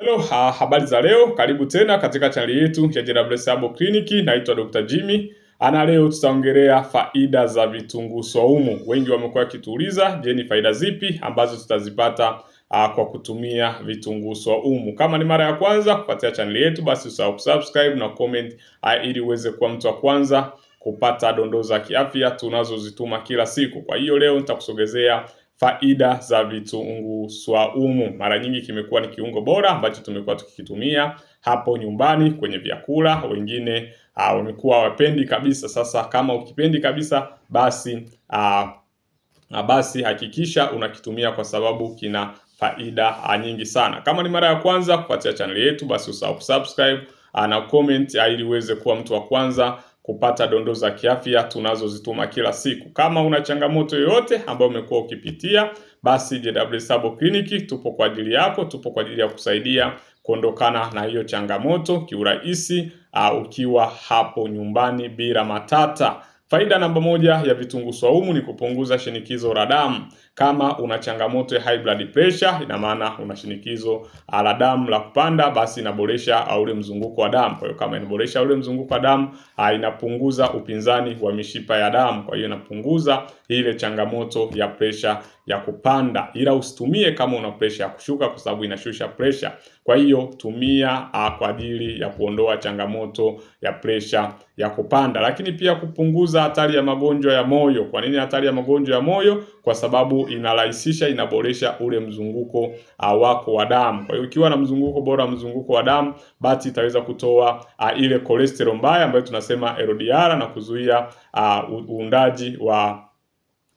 Hello, ha, habari za leo. Karibu tena katika chaneli yetu ya JWS Herbal Clinic. Naitwa Dr. Jimmy. Ana leo tutaongelea faida za vitunguu swaumu. Wengi wamekuwa wakituuliza, je, ni faida zipi ambazo tutazipata a, kwa kutumia vitunguu swaumu? Kama ni mara ya kwanza kupatia chaneli yetu, basi usahau kusubscribe na comment ili uweze kuwa mtu wa kwanza kupata dondoo za kiafya tunazozituma kila siku. Kwa hiyo leo nitakusogezea faida za vitunguu swaumu. Mara nyingi kimekuwa ni kiungo bora ambacho tumekuwa tukikitumia hapo nyumbani kwenye vyakula. Wengine uh, wamekuwa wapendi kabisa. Sasa kama ukipendi kabisa, basi uh, basi hakikisha unakitumia kwa sababu kina faida nyingi sana. Kama ni mara ya kwanza kupatia chaneli yetu, basi usahau kusubscribe na comment ili uweze kuwa mtu wa kwanza kupata dondoo za kiafya tunazozituma kila siku. Kama una changamoto yoyote ambayo umekuwa ukipitia, basi JW Sabo Clinic tupo kwa ajili yako, tupo kwa ajili ya kusaidia kuondokana na hiyo changamoto kiurahisi, uh, ukiwa hapo nyumbani bila matata. Faida namba moja ya vitunguu swaumu ni kupunguza shinikizo la damu. Kama una changamoto ya high blood pressure, ina maana una shinikizo ah, la damu la kupanda, basi inaboresha ah, ule mzunguko wa damu. Kwa hiyo kama inaboresha ule mzunguko wa damu, ah, inapunguza upinzani wa mishipa ya damu, kwa hiyo inapunguza ile changamoto ya pressure ya kupanda, ila usitumie kama una pressure ya kushuka, kwa sababu inashusha pressure. Kwa hiyo tumia kwa ajili ya kuondoa changamoto ya pressure ya kupanda, lakini pia kupunguza hatari ya magonjwa ya moyo. Kwa nini hatari ya magonjwa ya moyo? Kwa sababu inarahisisha, inaboresha ule mzunguko ah, wako wa damu. Kwa hiyo ukiwa na mzunguko bora, mzunguko wa damu, basi itaweza kutoa uh, ile cholesterol mbaya ambayo tunasema LDL na kuzuia ah, uundaji wa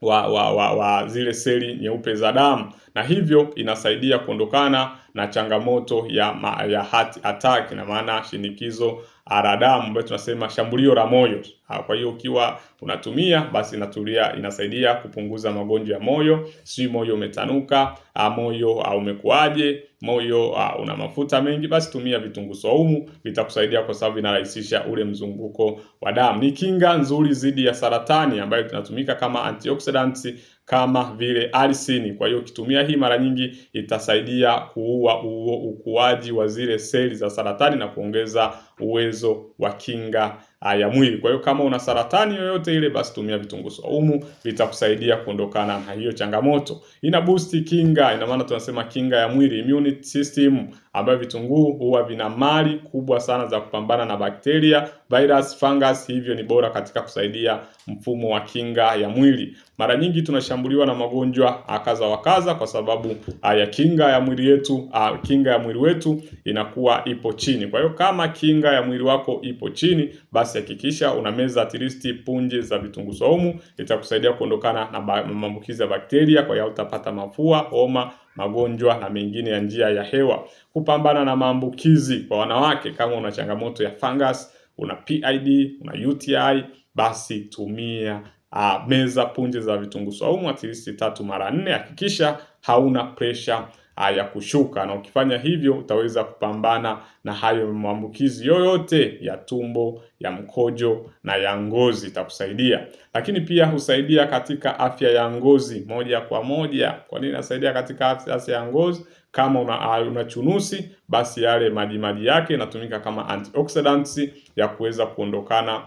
wa, wa, wa, wa zile seli nyeupe za damu na hivyo inasaidia kuondokana na changamoto ya, ma, ya heart attack na maana shinikizo la damu ambayo tunasema shambulio la moyo. Ah, kwa hiyo ukiwa unatumia basi inatulia, inasaidia kupunguza magonjwa ya moyo, si moyo umetanuka a, ah, moyo ah, umekuaje, moyo a, ah, una mafuta mengi, basi tumia vitunguu saumu, vitakusaidia kwa sababu vinarahisisha ule mzunguko wa damu. Ni kinga nzuri dhidi ya saratani ambayo inatumika kama antioxidants kama vile arsenic. Kwa hiyo ukitumia hii mara nyingi itasaidia kuua uo ukuaji wa zile seli za saratani na kuongeza uwezo wa kinga Ah, ya mwili. Kwa hiyo kama una saratani yoyote ile, basi tumia vitunguu saumu, vitakusaidia kuondokana na hiyo changamoto. Ina boost kinga, ina maana tunasema kinga ya mwili, immune system ambayo vitunguu huwa vina mali kubwa sana za kupambana na bakteria, virus, fungus, hivyo ni bora katika kusaidia mfumo wa kinga ya mwili. Mara nyingi tunashambuliwa na magonjwa akaza wakaza kwa sababu ah, ya kinga ya mwili yetu, ah, kinga ya mwili wetu inakuwa ipo chini. Kwa hiyo kama kinga ya mwili wako ipo chini, basi hakikisha unameza at least punje za vitunguu saumu, itakusaidia kuondokana na maambukizi ya bakteria. Kwa hiyo utapata mafua, homa magonjwa na mengine ya njia ya hewa. Kupambana na maambukizi kwa wanawake, kama una changamoto ya fungus, una PID, una UTI, basi tumia a, ah, meza punje za vitunguu saumu at least tatu mara nne. Hakikisha hauna pressure ya kushuka, na ukifanya hivyo utaweza kupambana na hayo maambukizi yoyote ya tumbo, ya mkojo na ya ngozi, itakusaidia. Lakini pia husaidia katika afya ya ngozi moja kwa moja. Kwa nini inasaidia katika afya ya ngozi? Kama una, una chunusi basi yale majimaji yake inatumika kama antioxidants ya kuweza kuondokana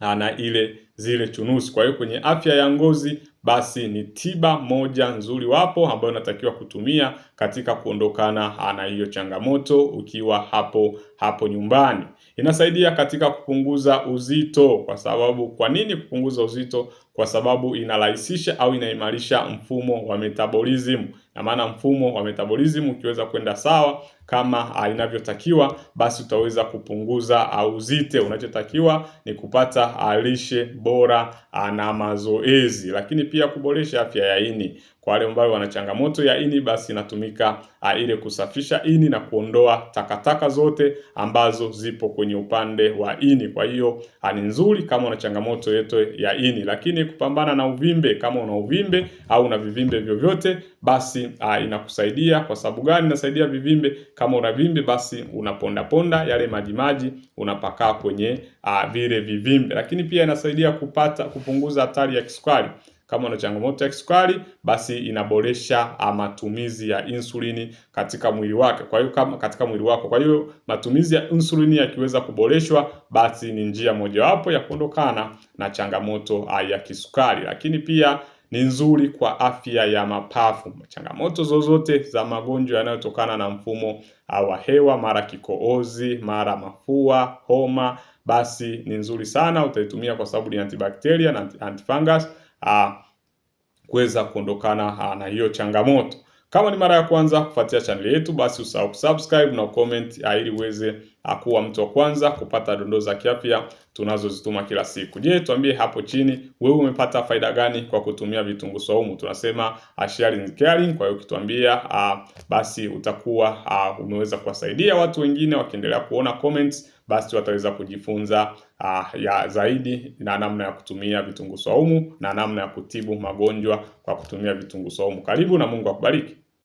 ah, na ile zile chunusi. Kwa hiyo kwenye afya ya ngozi, basi ni tiba moja nzuri wapo ambayo unatakiwa kutumia katika kuondokana na hiyo changamoto ukiwa hapo hapo nyumbani. Inasaidia katika kupunguza uzito. Kwa sababu kwa nini kupunguza uzito? Kwa sababu inarahisisha au inaimarisha mfumo wa metabolism, na maana mfumo wa metabolism ukiweza kwenda sawa kama ah, inavyotakiwa, basi utaweza kupunguza ah, uzito. Unachotakiwa ni kupata ah, lishe bora na mazoezi, lakini pia kuboresha afya ya ini. Kwa wale ambao wana changamoto ya ini, basi inatumika uh, ile kusafisha ini na kuondoa takataka zote ambazo zipo kwenye upande wa ini. Kwa hiyo ah, ni nzuri kama una changamoto yeto ya ini, lakini kupambana na uvimbe, kama una uvimbe au una vivimbe vyovyote, basi uh, inakusaidia. Kwa sababu gani inasaidia vivimbe? Kama una vimbe, basi unaponda ponda yale maji maji, unapakaa kwenye uh, vile vivimbe, lakini pia inasaidia kupata kupunguza hatari ya kisukari. Kama una changamoto ya kisukari, basi inaboresha ah, matumizi ya insulini katika mwili wake. Kwa hiyo kama katika mwili wako, kwa hiyo matumizi ya insulini yakiweza kuboreshwa, basi ni njia mojawapo ya kuondokana na changamoto ah, ya kisukari, lakini pia ni nzuri kwa afya ya mapafu. Changamoto zozote za magonjwa yanayotokana na mfumo ah, wa hewa, mara kikohozi, mara mafua, homa, basi ni nzuri sana utaitumia kwa sababu ni antibakteria na antifungus uh, kuweza kuondokana uh, na hiyo changamoto. Kama ni mara ya kwanza kufuatia chaneli yetu, basi usahau kusubscribe na comment uh, ah, ili uweze kuwa mtu wa kwanza kupata dondoo za kiafya tunazozituma kila siku. Je, tuambie hapo chini wewe umepata faida gani kwa kutumia vitunguu saumu? Tunasema ah, sharing caring. Kwa hiyo ukituambia ah, basi utakuwa ah, umeweza kuwasaidia watu wengine. Wakiendelea kuona comments, basi wataweza kujifunza ya zaidi na namna ya kutumia vitunguu saumu na namna ya kutibu magonjwa kwa kutumia vitunguu saumu. Karibu na Mungu akubariki.